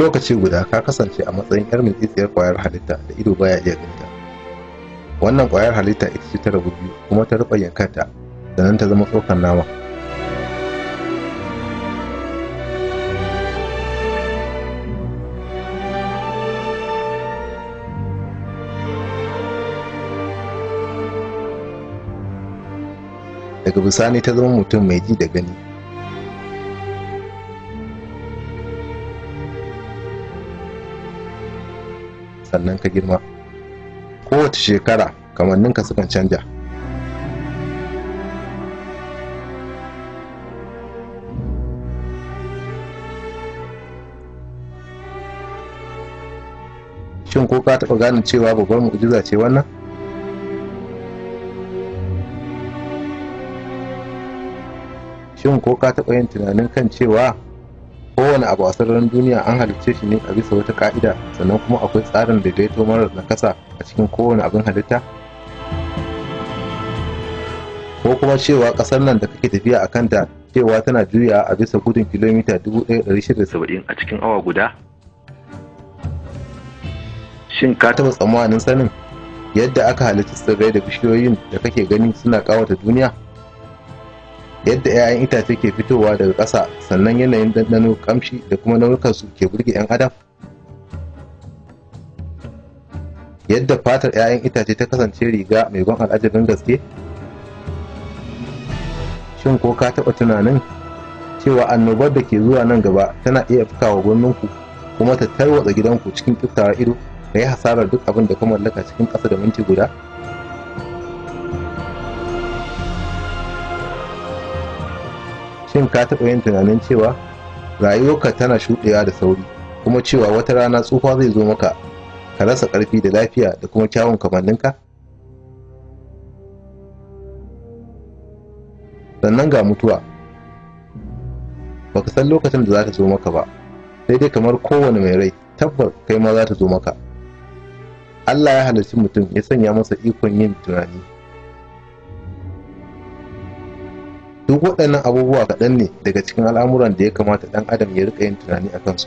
lokaci guda ka kasance a matsayin yar tsayar kwayar halitta da ido baya iya ganta wannan kwayar halitta ita ce ta rabu biyu kuma ta rufe yankanta da nan ta zama tsokar nama daga bisani ta zama mutum mai ji da gani sannan ka girma kowace shekara kamanninka sukan canja shin ko ka taɓa ganin cewa babban mu'jiza ce wannan shin ko ka taɓa yin tunanin kan cewa kowane abu a sararin duniya an halicce shi ne a bisa wata ka'ida sannan kuma akwai tsarin daidaito marar nakasa a cikin kowane abin halitta ko kuma cewa kasar nan da kake tafiya a kanta cewa tana juya a bisa gudun kilomita 1670 a cikin awa guda shin ka taɓa tsammanin sanin yadda aka halitta tsirrai da bishiyoyin da kake gani suna ƙawata duniya yadda 'ya'yan itace ke fitowa daga kasa, sannan yanayin ɗanɗano kamshi da kuma su ke burge 'yan adam yadda fatar 'ya'yan itace ta kasance riga mai ban al'ajabin gaske shin ko ka taɓa tunanin cewa annobar da ke zuwa nan gaba tana iya fuka wa fukawa ku kuma ta tarwatsa gidanku cikin kiftawa ido ka yi hasarar duk abin da ka mallaka cikin ƙasa da minti guda shin ka taɓa yin tunanin cewa rayuwarka tana shuɗewa da sauri kuma cewa wata rana tsufa zai zo maka ka rasa ƙarfi da lafiya da kuma kyawun kamanninka sannan ga mutuwa baka san lokacin da za ta zo maka ba sai dai kamar kowane mai rai tabbas kai ma za ta zo maka Allah ya halarci mutum ya sanya masa ikon yin tunani duk waɗannan abubuwa kaɗan ne daga cikin al'amuran da ya kamata ɗan adam ya rika yin tunani a kansu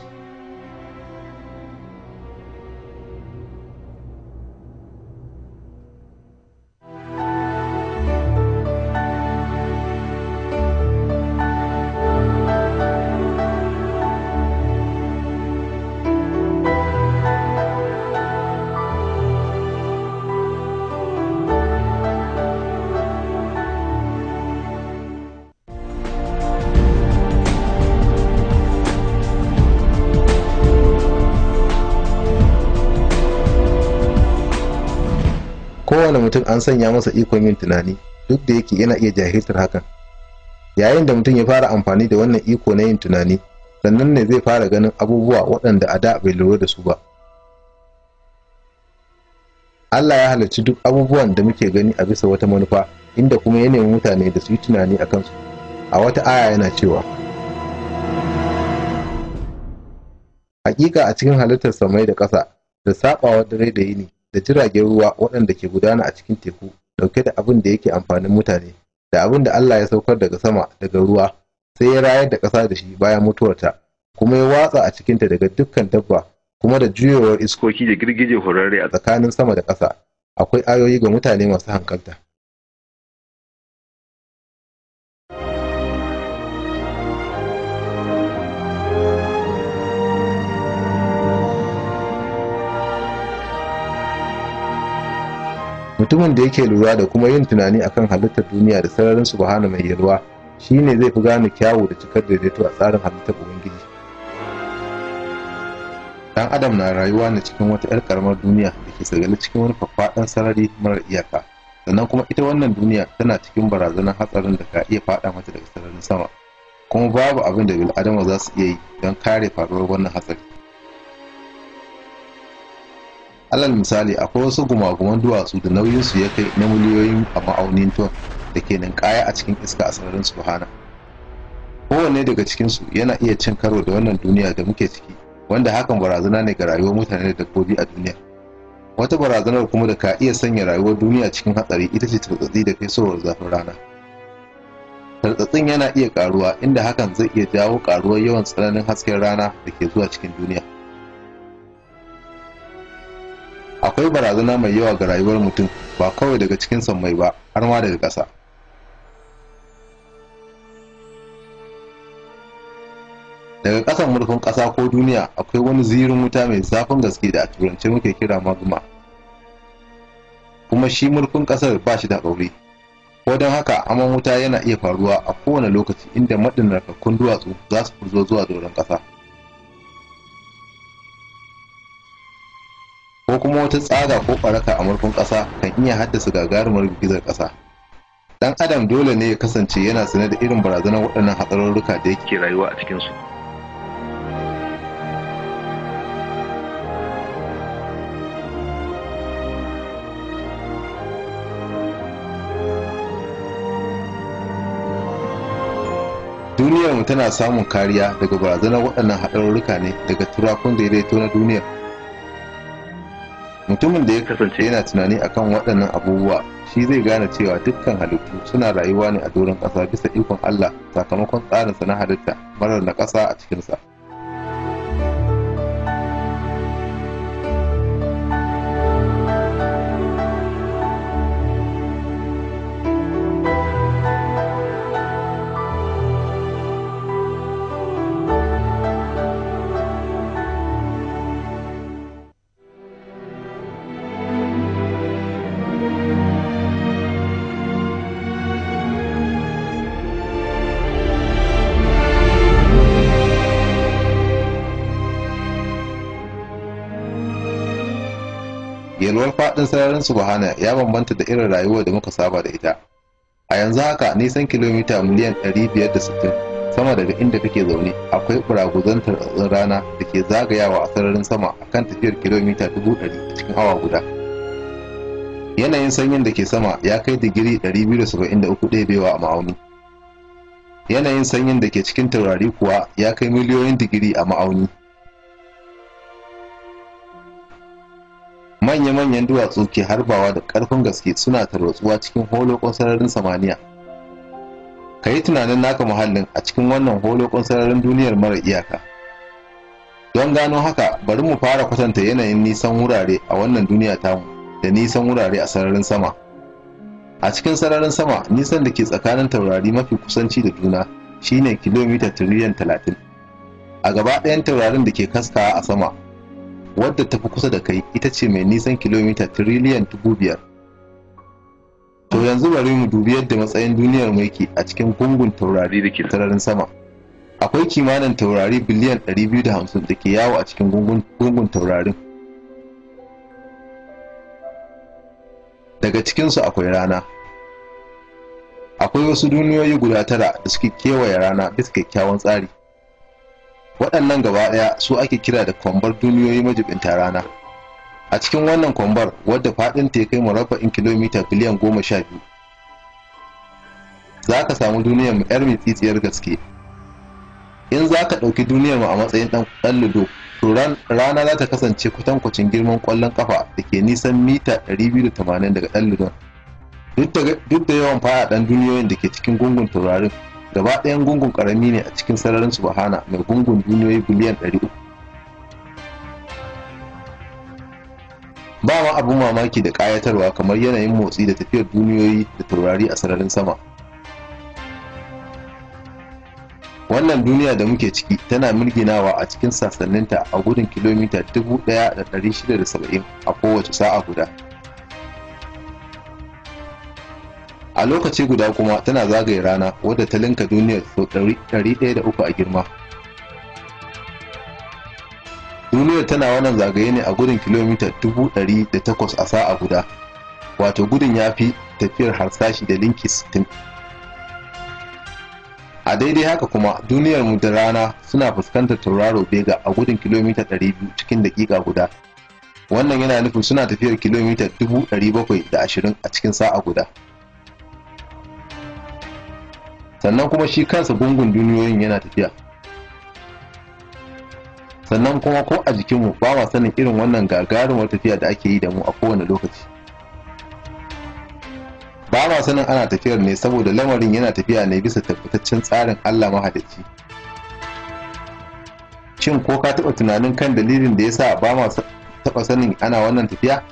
mutum an sanya masa ikon yin tunani duk da yake yana iya jahiltar hakan yayin da mutum ya fara amfani da wannan iko na yin tunani sannan ne zai fara ganin abubuwa waɗanda a da bai lura da su ba Allah ya halarci duk abubuwan da muke gani a bisa wata manufa inda kuma ya nemi mutane da su yi tunani a kansu a wata aya yana cewa hakika a cikin halittar samai da ƙasa da sabawa dare da yini da jiragen ruwa waɗanda ke gudana a cikin teku ɗauke da abin da yake amfanin mutane da abin da Allah ya saukar daga sama daga ruwa sai ya rayar da ƙasa da shi bayan mutuwarta kuma ya watsa a cikinta daga dukkan dabba kuma da juyowar iskoki da girgije horarre a tsakanin sama da ƙasa akwai ayoyi ga mutane masu hankalta mutumin da yake lura da kuma yin tunani akan halittar duniya da sararin bahana mai yalwa ne zai fi gane kyawu da cikar daidaito a tsarin halittar ubangiji dan adam na rayuwa na cikin wata 'yar karamar duniya da ke tsagale cikin wani faffaɗan sarari marar iyaka sannan kuma ita wannan duniya tana cikin barazanar hatsarin da ka iya faɗa mata daga sararin sama kuma babu abin da bil'adama za su iya yi don kare faruwar wannan hatsari alal misali akwai wasu gumaguman duwatsu da nauyinsu ya kai na miliyoyin a ma'aunin ton da ke ninkaya a cikin iska a sararin subhana kowanne daga cikinsu yana iya cin karo da wannan duniya da muke ciki wanda hakan barazana ne ga rayuwar mutane da dabbobi a duniya wata barazanar kuma da ka iya sanya rayuwar duniya cikin hatsari ita ce tartsatsi da sowar zafin rana tartsatsin yana iya karuwa inda hakan zai iya jawo karuwar yawan tsananin hasken rana da ke zuwa cikin duniya akwai barazana mai yawa ga rayuwar mutum ba kawai daga cikin sammai ba har ma daga ƙasa daga ƙasan murfin ƙasa ko duniya akwai wani zirin wuta mai zafin gaske da a turance muke kira magma kuma shi murfin ƙasar ba shi da ƙauri ko don haka aman wuta yana iya faruwa a kowane lokaci inda maɗin narkakkun duwatsu za su furzo zuwa doron ƙasa ko kuma wata tsaga ko ɓaraka a murfin ƙasa kan iya haddasa gagarumar girgizar ƙasa dan adam dole ne ya kasance yana sane da irin barazanar waɗannan hatsarurruka da yake rayuwa a cikinsu duniyarmu tana samun kariya daga barazanar waɗannan haɗarurruka ne daga turakun daidaito na duniyar mutumin da ya kasance yana tunani akan waɗannan abubuwa shi zai gane cewa dukkan halittu suna rayuwa ne a doron ƙasa bisa ikon Allah sakamakon tsarinsa na halitta marar na ƙasa a cikinsa sararin subhana ya bambanta da irin rayuwar da muka saba da ita a yanzu haka nisan kilomita miliyan 560 sama daga inda kake zaune akwai kuraguzan tartsatsin rana da ke zagayawa a sararin sama akan tafiyar kilomita 100 a cikin awa guda yanayin sanyin da ke sama ya kai digiri 273 ɗebewa a ma'auni yanayin sanyin da ke cikin taurari kuwa ya kai miliyoyin digiri a ma'auni manya-manyan duwatsu ke harbawa da ƙarfin gaske suna tarwatsuwa cikin holokon sararin samaniya ka yi tunanin naka muhallin a cikin wannan holokon sararin duniyar mara iyaka don gano haka bari mu fara kwatanta yanayin nisan wurare a wannan duniya tamu da nisan wurare a sararin sama a cikin sararin sama nisan da ke tsakanin taurari mafi kusanci da juna shine kilomita tiriliyan talatin a gaba ɗayan taurarin da ke kaskawa a sama wadda ta fi kusa da kai ita ce mai nisan kilomita tiriliyan dubu biyar to yanzu bari mu dubi yadda matsayin duniyar mu yake a cikin gungun taurari da ke sararin sama akwai kimanin taurari biliyan 250 da ke yawo a cikin gungun taurarin daga cikinsu akwai rana akwai wasu duniyoyi guda tara da suke kewaye rana bisa kyakkyawan tsari waɗannan gaba ɗaya su ake kira da kwambar duniyoyi majibinta rana a cikin wannan kwambar wadda faɗin ta kai murabba'in kilomita biliyan goma sha biyu za ka samu duniyar mu 'yar tsitsiyar gaske in za ka ɗauki duniyar mu a matsayin ɗan ludo to rana za ta kasance kwatankwacin girman ƙwallon ƙafa da ke nisan mita 280 daga ɗan duk da yawan ɗan duniyoyin da ke cikin gungun taurarin gaba ɗayan gungun ƙarami ne a cikin sararin subhana mai gungun duniyoyi biliyan 300 ba ma abin mamaki da ƙayatarwa kamar yanayin motsi da tafiyar duniyoyi da taurari a sararin sama wannan duniya da muke ciki tana mirginawa a cikin sasanninta a gudun kilomita 1670 a kowace sa'a guda a lokaci guda kuma tana zagaye rana wadda ta linka duniyar sau uku a girma duniyar tana wannan zagaye ne a gudun kilomita 108 a sa'a guda wato gudun ya fi tafiyar harsashi da linki 60 a daidai haka kuma duniyarmu da rana suna fuskantar tauraro bega a gudun kilomita 200 cikin dakika guda wannan yana nufin suna tafiyar kilomita 720 a cikin sa'a guda sannan kuma shi kansa gungun duniyoyin yana tafiya sannan kuma ko a jikinmu ba wa sanin irin wannan gagarumar tafiya da ake yi da mu a kowane lokaci ba ma sanin ana tafiyar ne saboda lamarin yana tafiya ne bisa tabbataccen tsarin Allah mahadaci shin ko ka taɓa tunanin kan dalilin da ya sa ba ma taɓa sanin ana wannan tafiya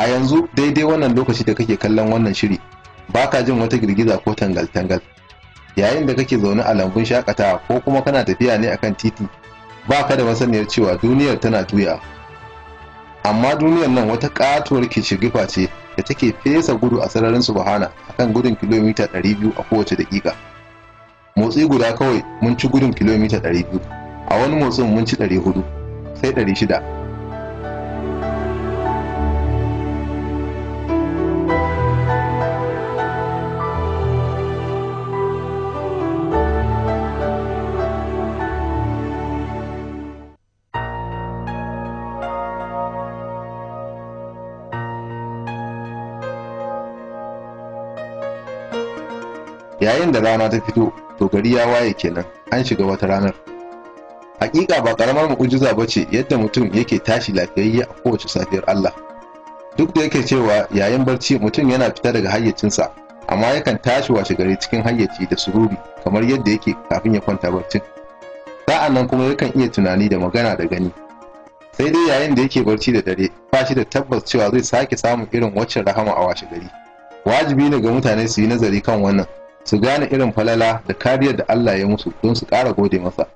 a yanzu daidai wannan lokaci da kake kallon wannan shiri ba ka jin wata girgiza ko tangal-tangal yayin da kake zaune a lambun shakatawa ko kuma kana tafiya ne akan titi ba ka da masaniyar cewa duniyar tana tuya amma duniyar nan wata katuwar kishigifa ce da take fesa gudu a sararin subhana akan gudun kilomita 200 a kowace daƙiƙa motsi guda kawai mun ci gudun kilomita 200 a wani motsin mun ci 400 sai 600 yayin da rana ta fito to gari ya waye kenan an shiga wata ranar hakika ba karamar mu'ujiza ba ce yadda mutum yake tashi lafiyayye a kowace safiyar Allah duk da yake cewa yayin barci mutum yana fita daga hayyacinsa amma yakan tashi washe gari cikin hayyaci da sururi kamar yadda yake kafin ya kwanta barcin sa'an nan kuma yakan iya tunani da magana da gani sai dai yayin da yake barci da dare ba shi da tabbas cewa zai sake samun irin waccan rahama a washe gari wajibi ne ga mutane su yi nazari kan wannan su gane irin falala da kariyar da Allah ya musu don su ƙara gode masa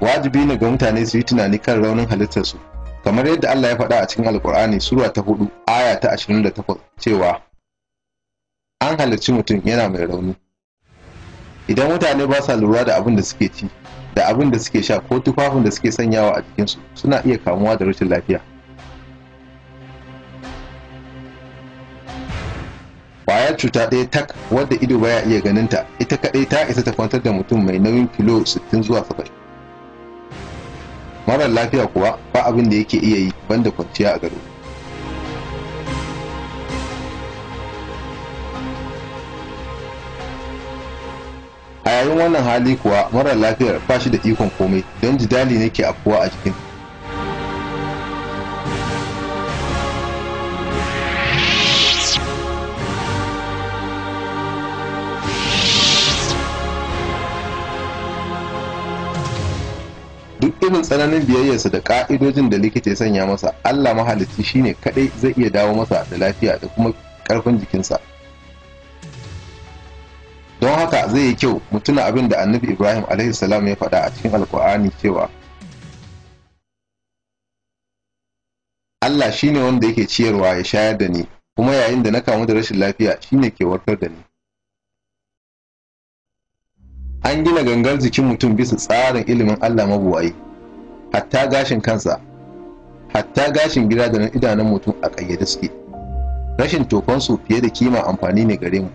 wajibi ne ga mutane su yi tunani kan raunin halittarsu kamar yadda Allah ya faɗa a cikin Alƙur'ani sura ta hudu aya ta 28 cewa an halarci mutum yana mai rauni idan mutane ba sa lura da abin da suke ci da abin da suke sha ko tufafin da suke sanyawa a jikinsu suna iya kamuwa da rashin lafiya kwayar cuta ɗaya tak wadda ido baya iya ganinta ita kaɗai ta isa ta kwantar da mutum mai nauyin kilo 60 zuwa 70 marar lafiya kuwa ba abin da yake iya yi banda kwanciya a gado a yayin wannan hali kuwa marar lafiyar ba shi da ikon komai don jidali ne ke kuwa a jikinta irin tsananin biyayyarsa da ƙa'idojin da likita ya sanya masa allah mahalicci shine kadai zai iya dawo masa da lafiya da kuma karfin jikinsa don haka zai yi kyau mu tuna abin da annabi ibrahim alaihi ya faɗa a cikin alkur'ani cewa allah shine wanda yake ciyarwa ya shayar da ni kuma yayin da na kamu da rashin lafiya shine ke warkar da ni an gina gangar jikin mutum bisa tsarin ilimin allah mabuwayi hatta gashin kansa hatta gashin gida da idanun mutum a ƙayyade suke rashin tokonsu fiye da kima amfani ne gare mu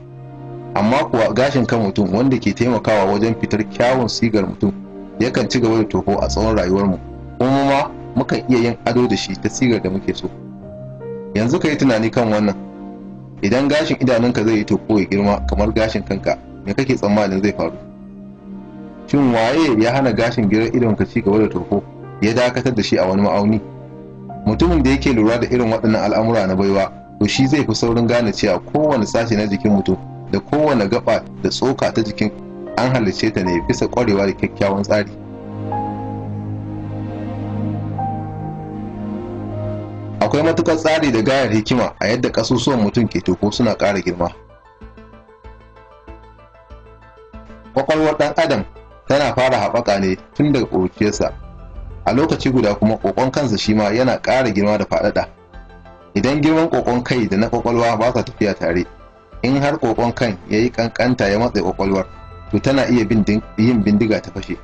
amma kuwa gashin kan mutum wanda ke taimakawa wajen fitar kyawun sigar mutum yakan ci gaba da toko a tsawon rayuwarmu kuma ma mukan iya yin ado da shi ta sigar da muke so yanzu ka yi tunani kan wannan idan gashin idanunka zai yi toko ya girma kamar gashin kanka me kake tsammanin zai faru shin waye ya hana gashin gidan idonka ci gaba da toko ya dakatar da shi a wani ma'auni mutumin da yake lura da irin waɗannan al'amura na baiwa to shi zai fi saurin gane cewa kowane sashe na jikin mutum da kowane gaba da tsoka ta jikin an halicce ta ne bisa ƙwarewa da kyakkyawan tsari akwai matuƙar tsari da gayar hikima a yadda ƙasusuwan mutum ke toko suna ƙara girma ƙwaƙwalwar ɗan adam tana fara haɓaka ne tun daga ƙuruciyarsa a lokaci guda kuma kokon kansa shi ma yana ƙara girma da faɗaɗa idan girman kokon kai da na kwakwalwa ba sa tafiya tare in har kokon kan ya yi kankanta ya matse kwakwalwar to tana iya yin bindiga ta fashe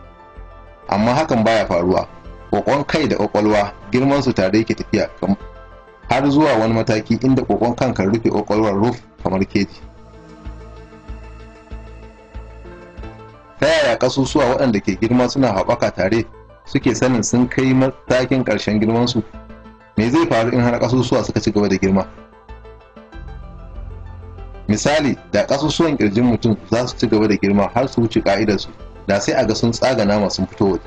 amma hakan baya faruwa kokon kai da kwakwalwa girman su tare yake tafiya har zuwa wani mataki inda kokon kan kan rufe kwakwalwar ruf kamar keji ta yaya ƙasusuwa waɗanda ke girma suna haɓaka tare suke sanin sun kai matakin ƙarshen girmansu me zai faru in har ƙasusuwa suka ci gaba da girma misali da ƙasusuwan ƙirjin mutum za su ci gaba da girma har su wuce ƙa'idarsu da sai a ga sun tsaga nama sun fito waje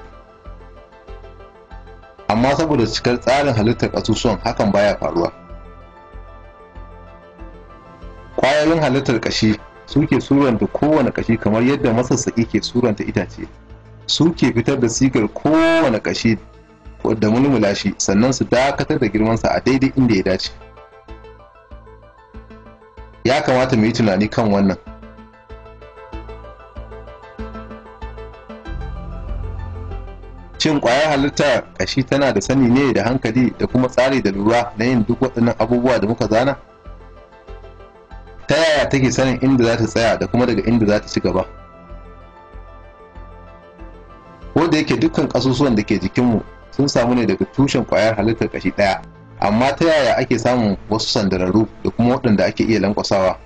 amma saboda cikar tsarin halittar ƙasusuwan hakan baya faruwa ƙwayoyin halittar ƙashi suke suranta kowane ƙashi kamar yadda masassaƙi ke suranta itace su ke fitar da sigar kowane ƙashi da mulmula shi sannan su dakatar da girman sa a daidai inda ya dace ya kamata mu yi tunani kan wannan Cin ƙwayar halitta ƙashi tana da sani ne da hankali da kuma tsari da lura na yin duk waɗannan abubuwa da muka zana ta yaya take sanin inda za ta tsaya da kuma daga inda za ta ci gaba da yake dukkan ƙasusuwan da ke jikinmu sun samu ne daga tushen kwayar halittar kashi ɗaya amma ta yaya ake samun wasu sandararru da kuma waɗanda ake iya lankwasawa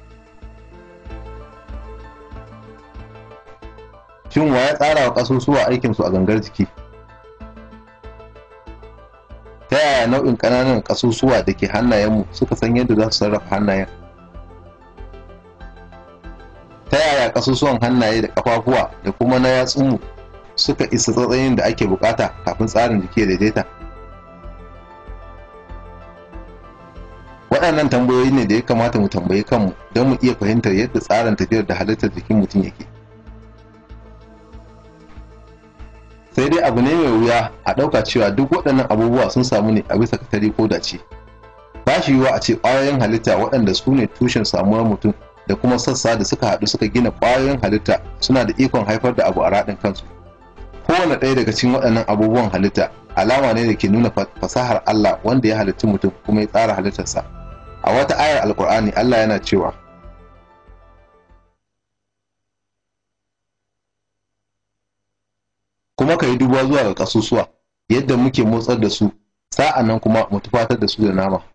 shin wa ya tsara wa ƙasusuwa aikinsu a gangar jiki ta yaya nau'in ƙananan kasusuwa da ke hannayenmu suka san yadda za su sarrafa hannayen ta yaya kasusuwan hannaye da ƙafafuwa da kuma na yatsunmu suka isa tsatsayin da ake bukata kafin tsarin jiki ya daidaita waɗannan tambayoyi ne da ya kamata mu tambayi kanmu don mu iya fahimtar yadda tsarin tafiyar da halittar jikin mutum yake sai dai abu ne mai wuya a ɗauka cewa duk waɗannan abubuwa sun samu ne a bisa katari ko dace ba shi yiwuwa a ce ƙwayoyin halitta waɗanda su ne tushen samuwar mutum da kuma sassa da suka haɗu suka gina ƙwayoyin halitta suna da ikon haifar da abu a raɗin kansu kowane ɗaya daga cikin waɗannan abubuwan halitta alama ne da ke nuna fasahar Allah wanda ya halitta mutum kuma ya tsara halittarsa a wata ayar alkur'ani Allah yana cewa kuma ka yi duba zuwa ga ƙasusuwa yadda muke motsar da su sa'an nan kuma mu tufatar da su da nama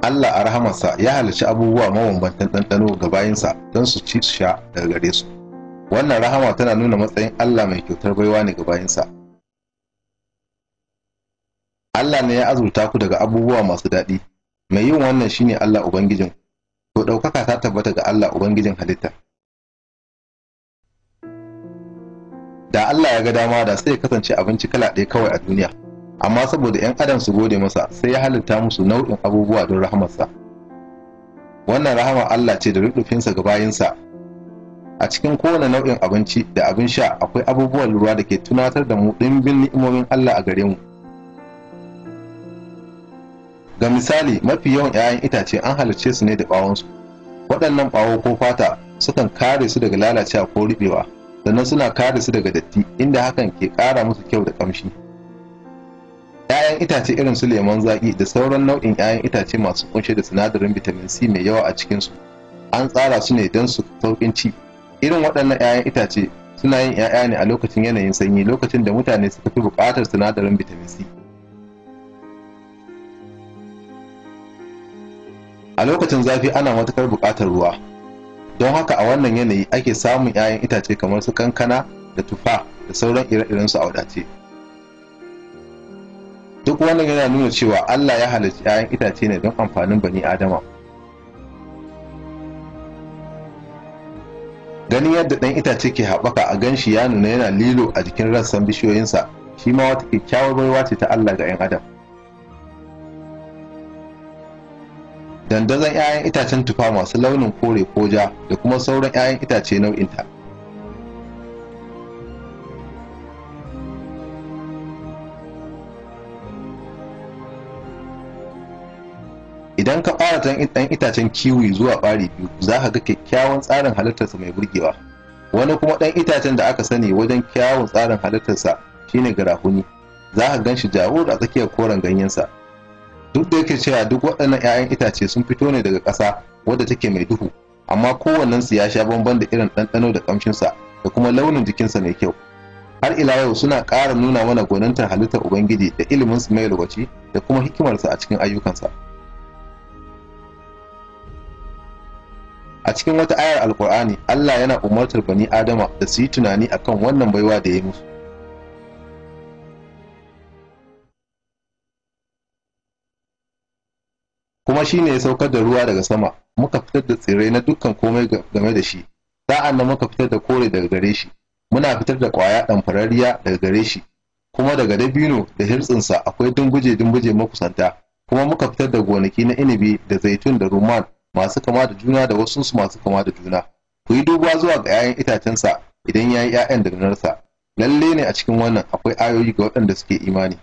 Allah a rahamarsa ya halarci abubuwa mabambantan ɗanɗano ga bayinsa don su ci su sha daga gare su wannan rahama tana nuna matsayin Allah mai kyautar baiwa ne ga bayinsa Allah ne ya azurta ku daga abubuwa masu daɗi mai yin wannan shine Allah ubangijin to ɗaukaka ta tabbata ga Allah ubangijin halitta da Allah ya ga dama da sai kasance abinci kala ɗaya kawai a duniya amma saboda 'yan adam su gode masa sai ya halitta musu nau'in abubuwa don rahamarsa wannan rahama Allah ce da rufinsa ga bayinsa a cikin kowane nau'in abinci da abin sha akwai abubuwan lura da ke tunatar da mu ɗimbin ni'imomin Allah a gare mu ga misali mafi yawan 'ya'yan itace an halarce su ne da ɓawonsu waɗannan ɓawo ko fata sukan kare su daga lalacewa ko ruɓewa sannan suna kare su daga datti inda hakan ke ƙara musu kyau da ƙamshi 'ya'yan itace irin su lemon zaƙi da sauran nau'in 'ya'yan itace masu kunshe da sinadarin vitamin c mai yawa a cikinsu an tsara su ne don su sauƙin ci irin waɗannan 'ya'yan itace suna yin 'ya'ya ne a lokacin yanayin sanyi lokacin da mutane suka fi buƙatar sinadarin vitamin c a lokacin zafi ana matuƙar buƙatar ruwa don haka a wannan yanayi ake samun 'ya'yan itace kamar su kankana da tufa da sauran ire-irensu a wadace duk wannan yana nuna cewa Allah ya halarci 'ya'yan itace ne don amfanin bani adama ganin yadda ɗan itace ke haɓaka a ganshi ya nuna yana lilo a jikin rassan bishiyoyinsa shi ma wata kyakkyawar baiwa ce ta Allah ga 'yan adam dandazon 'ya'yan itacen tufa masu launin kore ko ja da kuma sauran 'ya'yan itace nau'inta. idan ka fara ɗan itacen kiwi zuwa ɓari biyu za ka ga kyakkyawan tsarin halittarsa mai burgewa wani kuma ɗan itacen da aka sani wajen kyawun tsarin halittarsa shine garahuni za ka gan shi jawur a tsakiyar koren ganyensa duk da yake cewa duk waɗannan 'ya'yan itace sun fito ne daga ƙasa wadda take mai duhu amma kowannensu ya sha bamban da irin ɗanɗano da ƙamshinsa da kuma launin jikinsa mai kyau har ila yau suna ƙara nuna mana gwanintar halittar ubangiji da iliminsu mai lokaci da kuma hikimarsa a cikin ayyukansa. a cikin wata ayar alkur'ani Allah yana umartar bani adama da su yi tunani akan wannan baiwa da ya musu kuma shi ne ya saukar da ruwa daga sama muka fitar da tsirrai na dukkan komai game da shi sa'an nan muka fitar da kore daga gare shi muna fitar da ƙwaya ɗamfararriya daga gare shi kuma daga dabino da hirtsinsa akwai dunguje dunguje makusanta kuma muka fitar da gonaki na inibi da zaitun da rumman masu kama da juna da wasunsu masu kama da juna ku yi duba zuwa ga 'ya'yan itacensa idan ya yi 'ya'yan da nunarsa lalle ne a cikin wannan akwai ayoyi ga waɗanda suke imani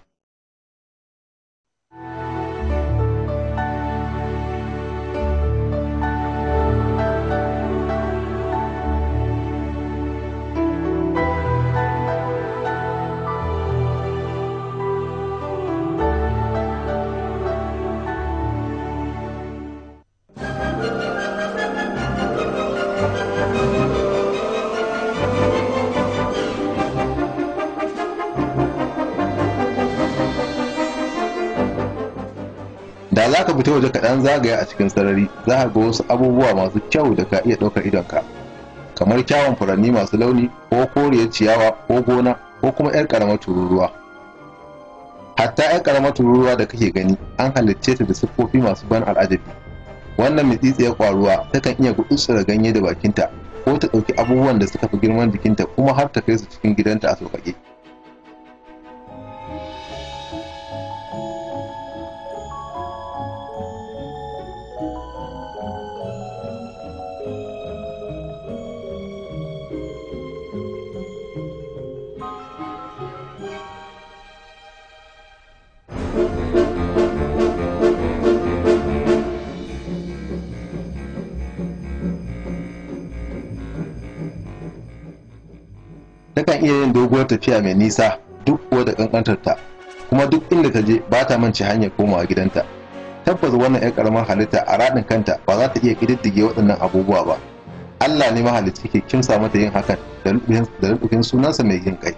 za ka fita waje kaɗan zagaya a cikin sarari za ka ga wasu abubuwa masu kyau da ka iya ɗaukar idonka kamar kyawun furanni masu launi ko koriyar ciyawa ko gona ko kuma 'yar ƙaramar tururuwa hatta 'yar ƙaramar tururuwa da kake gani an halicce ta da siffofi masu ban al'ajabi wannan mitsitsiyar ƙwaruwa takan iya gutsura ganye da bakinta ko ta ɗauki abubuwan da suka fi girman jikinta kuma har ta kai su cikin gidanta a sauƙaƙe nakan iya yin doguwar tafiya mai nisa duk kuwa da kankantar kuma duk inda ta je ba ta mance hanyar komawa gidanta tabbas wannan yar karamar halitta a radin kanta ba za ta iya kididdige waɗannan abubuwa ba Allah ne mahalicci ke kimsa mata yin hakan da rubutun sunansa mai yin kai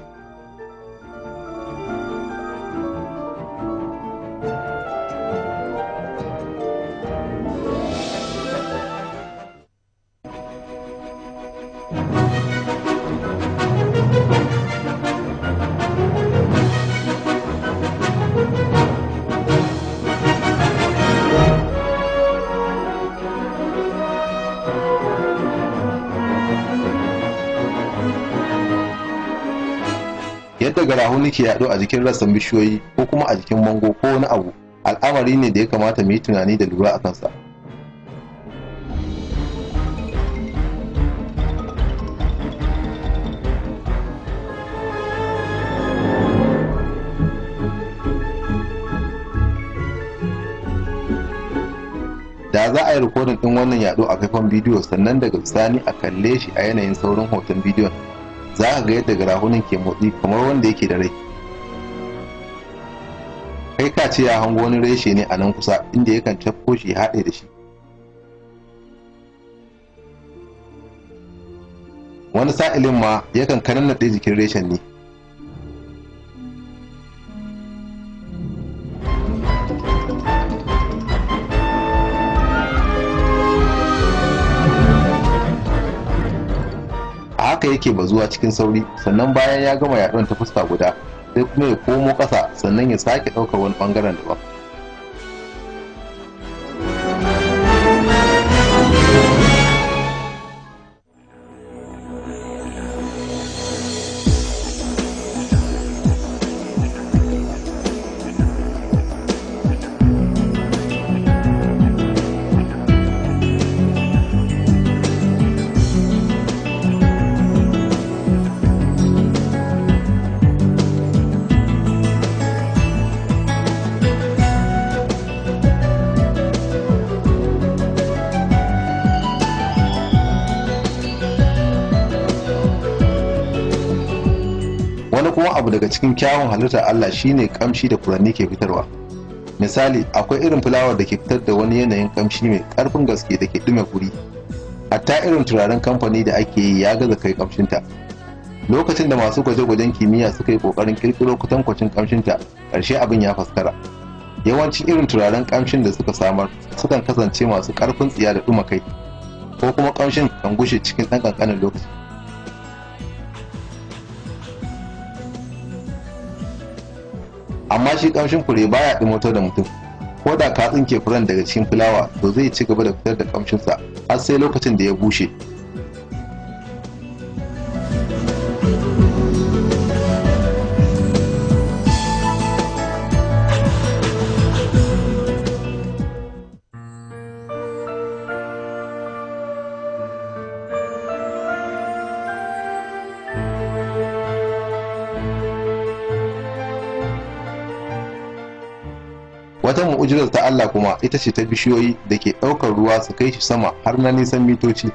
wani ke yaɗo a jikin rassan bishiyoyi ko kuma a jikin bango ko wani abu al'amari ne da ya kamata mu yi tunani da lura a kansa da za a yi rikodin ɗin wannan yaɗo a faifan bidiyo sannan daga bisani a kalle shi a yanayin saurin hoton bidiyon za a ga yadda garahunan ke motsi kamar wanda yake da rai kai ka ce ya hango wani reshe ne a nan kusa inda yakan tafko shi haɗe da shi wani sa'ilin ma yakan kanannaɗe jikin reshen ne yake bazuwa cikin sauri sannan bayan ya gama yaɗon ta fuska guda sai kuma ya komo ƙasa sannan ya sake ɗaukar wani ɓangaren daban kowa abu daga cikin kyawun halittar Allah ne kamshi da furanni ke fitarwa misali akwai irin fulawar da ke fitar da wani yanayin kamshi mai karfin gaske da ke dume guri hatta irin turaren kamfani da ake yi ya gaza kai kamshinta lokacin da masu gwaje-gwajen kimiyya suka yi ƙoƙarin ƙirƙiro kutankwacin kamshinta ƙarshe abin ya faskara yawancin irin turaren kamshin da suka samar sukan kasance masu ƙarfin tsiya da ɗuma kai ko kuma kamshin kan gushe cikin ɗan ƙanƙanin lokaci amma shi kamshin fure baya ɗimotar da mutum ko da ka tsinke furen daga cikin fulawa to zai ci gaba da fitar da sa har sai lokacin da ya bushe wata mu'ujirar ta Allah kuma ita ce ta bishiyoyi da ke ɗaukar ruwa su kai shi sama har na nisan mitoci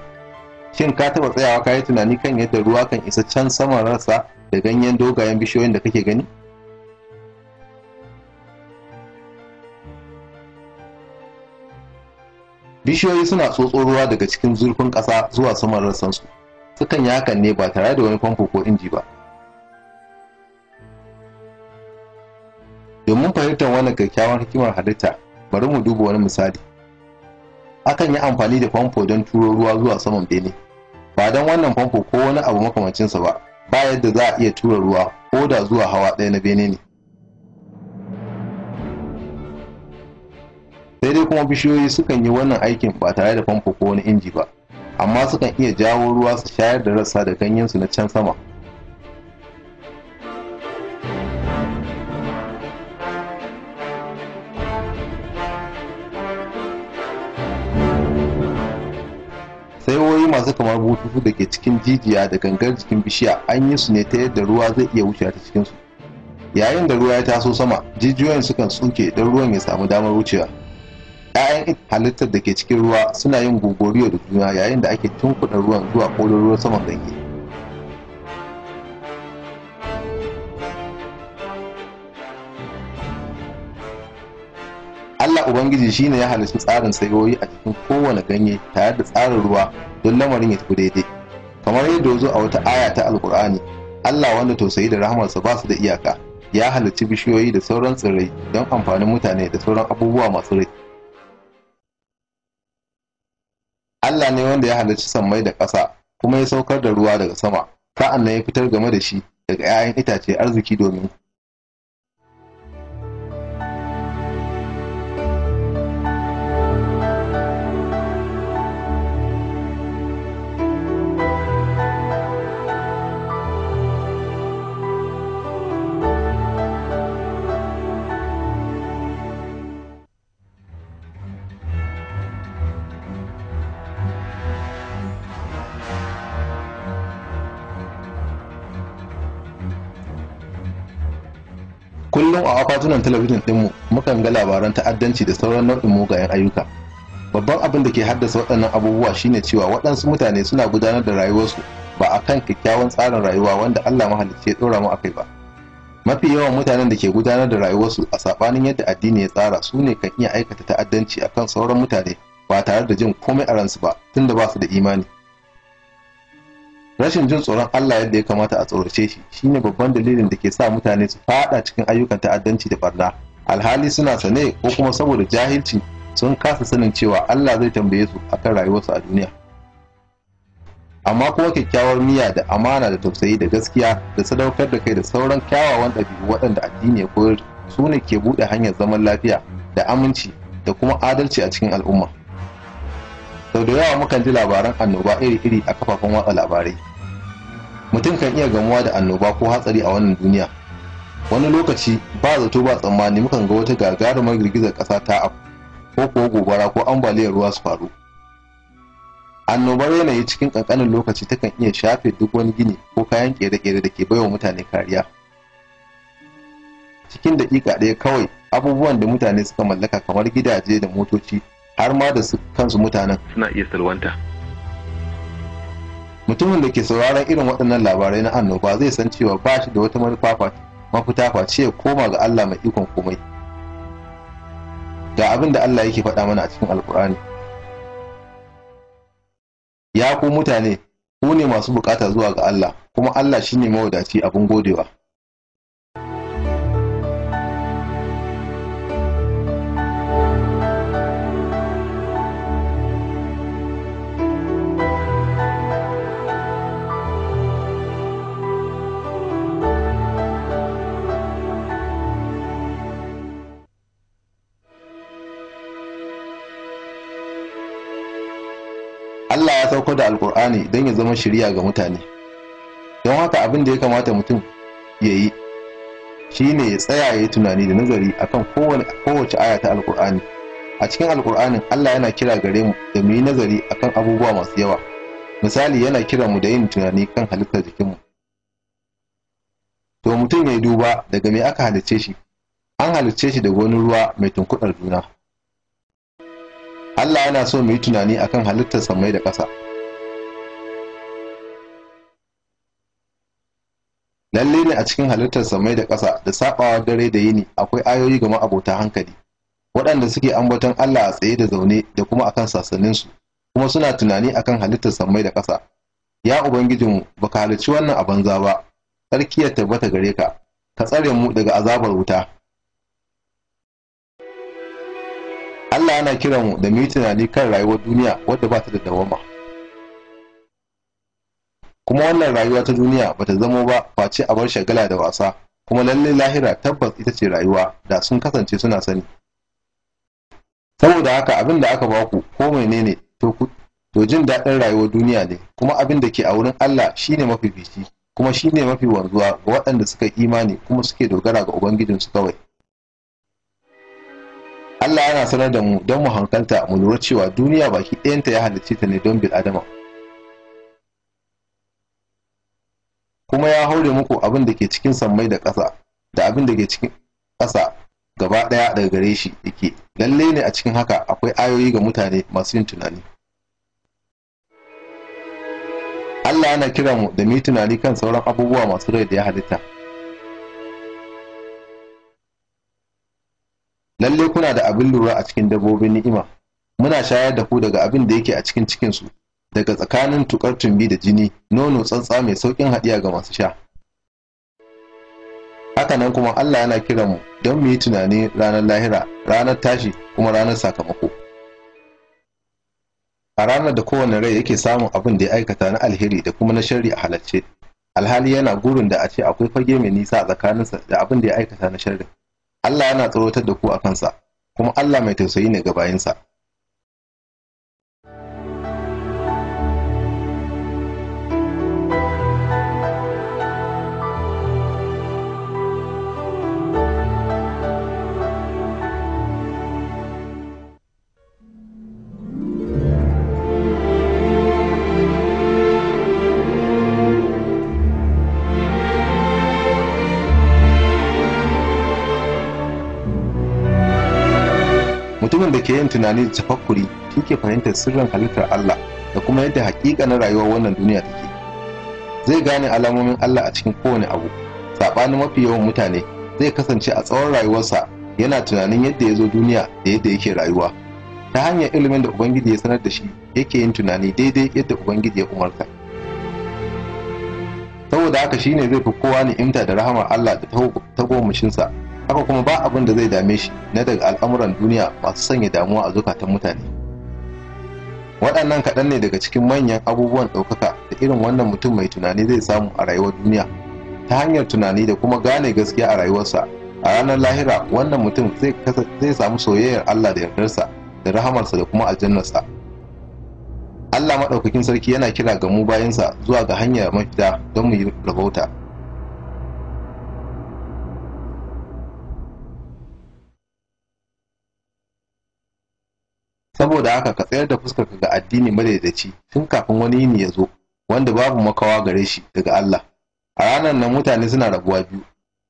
shin ka taɓa tsayawa ka yi tunani kan yadda ruwa kan isa can saman rasa da ganyen dogayen bishiyoyin da kake gani bishiyoyi suna tsotso ruwa daga cikin zurfin ƙasa zuwa saman rassansu sukan yi hakan ne ba tare da wani famfo ko inji ba domin fahimtar wannan kyakkyawar hikimar halitta bari mu duba wani misali akan yi amfani da famfo don turo ruwa zuwa saman bene ba don wannan famfo ko wani abu makamancinsa ba ba yadda za a iya tura ruwa ko da zuwa hawa ɗaya na bene ne sai dai kuma bishiyoyi sukan yi wannan aikin ba tare da famfo ko wani inji ba amma sukan iya jawo ruwa su shayar da rassa da ganyensu na can sama Akwai masu kamar bututu da ke cikin jijiya da gangar jikin bishiya an yi su ne ta yadda ruwa zai iya wucewa ta cikinsu. Yayin da ruwa ya taso sama, jijiyoyin sukan tsuke don ruwan ya samu damar wucewa. ‘Ya'yan halittar da ke cikin ruwa suna yin gogoriyo da juna yayin da ake tunkuɗa ruwan zuwa ƙolin ruwan saman ganye. ubangiji shine ya halarci tsarin sayoyi a cikin kowane ganye tare da tsarin ruwa don lamarin ya tafi daidai kamar yadda zo a wata aya ta alkur'ani allah wanda tausayi da rahamarsa ba su da iyaka ya halarci bishiyoyi da sauran tsirrai don amfanin mutane da sauran abubuwa masu rai allah ne wanda ya halarci sammai da ƙasa kuma ya saukar da ruwa daga sama sa'an nan ya fitar game da shi daga 'ya'yan itace arziki domin kullum a akwatunan talabijin ɗinmu mukan ga labaran ta'addanci da sauran nau'in mugayen ayyuka babban abin da ke haddasa waɗannan abubuwa shine cewa waɗansu mutane suna gudanar da rayuwarsu ba a kan kyakkyawan tsarin rayuwa wanda allah mahalicci ya ɗora mu a kai ba mafi yawan mutanen da ke gudanar da rayuwarsu a saɓanin yadda addini ya tsara su ne kan iya aikata ta'addanci akan sauran mutane ba tare da jin komai a ransu ba tunda ba su da imani rashin jin tsoron Allah yadda ya kamata a tsorace shi shine babban dalilin da ke sa mutane su fada cikin ayyukan ta'addanci da barna alhali suna sane ko kuma saboda jahilci sun kasa sanin cewa Allah zai tambaye su akan rayuwarsu a duniya amma kuma kyakkyawar niyya da amana da tausayi da gaskiya da sadaukar da kai da sauran kyawawan ɗabi'u waɗanda addini ya koyar su ne ke buɗe hanyar zaman lafiya da aminci da kuma adalci a cikin al'umma. sau da yawa mukan ji labaran annoba iri-iri a kafafen watsa labarai mutum kan iya gamuwa da annoba ko hatsari a wannan duniya wani lokaci ba zato ba tsammani mukan ga wata gagarumar girgizar ƙasa ta abu ko kuwa gobara ko ambaliyar ruwa su faru annobar yanayi cikin ƙanƙanin lokaci takan iya shafe duk wani gini ko kayan ƙere kere da ke baiwa mutane kariya cikin daƙiƙa ɗaya kawai abubuwan da mutane suka mallaka kamar gidaje da motoci har ma da su kansu mutanen suna iya salwanta mutumin da ke sauraron irin waɗannan labarai na annoba zai san cewa ba shi da wata manufa mafita face ya koma ga Allah mai ikon komai ga abin da Allah yake faɗa mana a cikin alkur'ani ya ku mutane ku ne masu bukata zuwa ga Allah kuma Allah shine mawadaci abin godewa Allah ya sauko da alkur'ani don ya zama shirya ga mutane don haka abin da ya kamata mutum ya yi shine ya tsaya ya yi tunani da nazari akan kowace aya ta alkur'ani a cikin alkur'anin Allah yana kira gare mu da mu yi nazari a kan abubuwa masu yawa misali yana kira mu da yin tunani kan halittar jikinmu to mutum ya yi duba daga me aka halicce shi an halicce shi daga wani ruwa mai tunkudar juna Allah yana so mu yi tunani akan halittar samai da ƙasa lalle ne a cikin halittar samai da ƙasa da saɓawa dare da yini akwai ayoyi ga ma'abota hankali waɗanda suke ambaton Allah a tsaye da zaune da kuma akan sassaninsu kuma suna tunani akan halittar samai da ƙasa ya ubangijinmu ka halarci wannan a banza ba tsarkiyar ya tabbata gare ka ka tsare mu daga azabar wuta Allah yana kiranmu mu da mu yi tunani kan rayuwar duniya wadda ba ta da dawama kuma wannan rayuwa ta duniya ba ta zamo ba face a bar shagala da wasa kuma lallai lahira tabbas ita ce rayuwa da sun kasance suna sani saboda haka abin da aka baku ko menene to to jin daɗin rayuwar duniya ne kuma abin da ke a wurin Allah shine mafi bici kuma shine mafi wanzuwa ga waɗanda suka imani kuma suke dogara ga ubangijinsu kawai Allah yana sanar da mu don mu hankalta mu lura cewa duniya baki ɗayanta ya halicce ta ne don bil adama kuma ya haure muku abin da ke cikin sammai da ƙasa da abin da ke cikin ƙasa gaba ɗaya daga gare shi yake lallai ne a cikin haka akwai ayoyi ga mutane masu yin tunani Allah yana kira mu da mu yi tunani kan sauran abubuwa masu rai da ya halitta lalle kuna da abin lura a cikin dabbobin ni'ima muna shayar da ku daga abin da yake a cikin cikin su daga tsakanin tukar tumbi da jini nono tsantsa mai saukin haɗiya ga masu sha haka nan kuma Allah yana kiran mu don mu yi tunani ranar lahira ranar tashi kuma ranar sakamako a ranar da kowane rai yake samun abin da ya aikata na alheri da kuma na sharri a halarce alhali yana gurin da a ce akwai fage mai nisa a tsakaninsa da abin da ya aikata na sharri Allah yana tsoratar da ku a kansa kuma Allah mai tausayi ne ga bayinsa ke yin tunani da tafakkuri shi ke fahimtar sirrin halittar Allah da kuma yadda hakika na rayuwar wannan duniya take zai gane alamomin Allah a cikin kowane abu saɓanin mafi yawan mutane zai kasance a tsawon rayuwarsa yana tunanin yadda ya zo duniya da yadda yake rayuwa ta hanyar ilimin da ubangiji ya sanar da shi yake yin tunani daidai yadda ubangiji ya umarta saboda haka shine zai fi kowa ni'imta da rahama Allah da tagomashinsa haka kuma ba abin da zai dame shi na daga al'amuran duniya masu sanya damuwa a zukatan mutane waɗannan kaɗan ne daga cikin manyan abubuwan ɗaukaka da irin wannan mutum mai tunani zai samu a rayuwar duniya ta hanyar tunani da kuma gane gaskiya a rayuwarsa a ranar lahira wannan mutum zai samu soyayyar allah da yardarsa da rahamarsa da kuma aljannarsa allah maɗaukakin sarki yana kira ga mu bayansa zuwa ga hanyar mafita don mu yi rahota. saboda haka ka tsayar da fuskar ga addini madaidaici tun kafin wani yini ya zo wanda babu makawa gare shi daga Allah a ranar nan mutane suna rabuwa biyu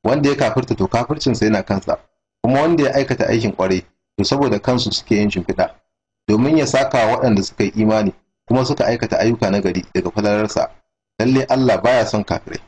wanda ya kafirta to kafircinsa yana kansa kuma wanda ya aikata aikin kwarai to saboda kansu suke yin shimfiɗa domin ya saka waɗanda suka yi imani kuma suka aikata ayyuka na gari daga falararsa lalle Allah baya son kafirai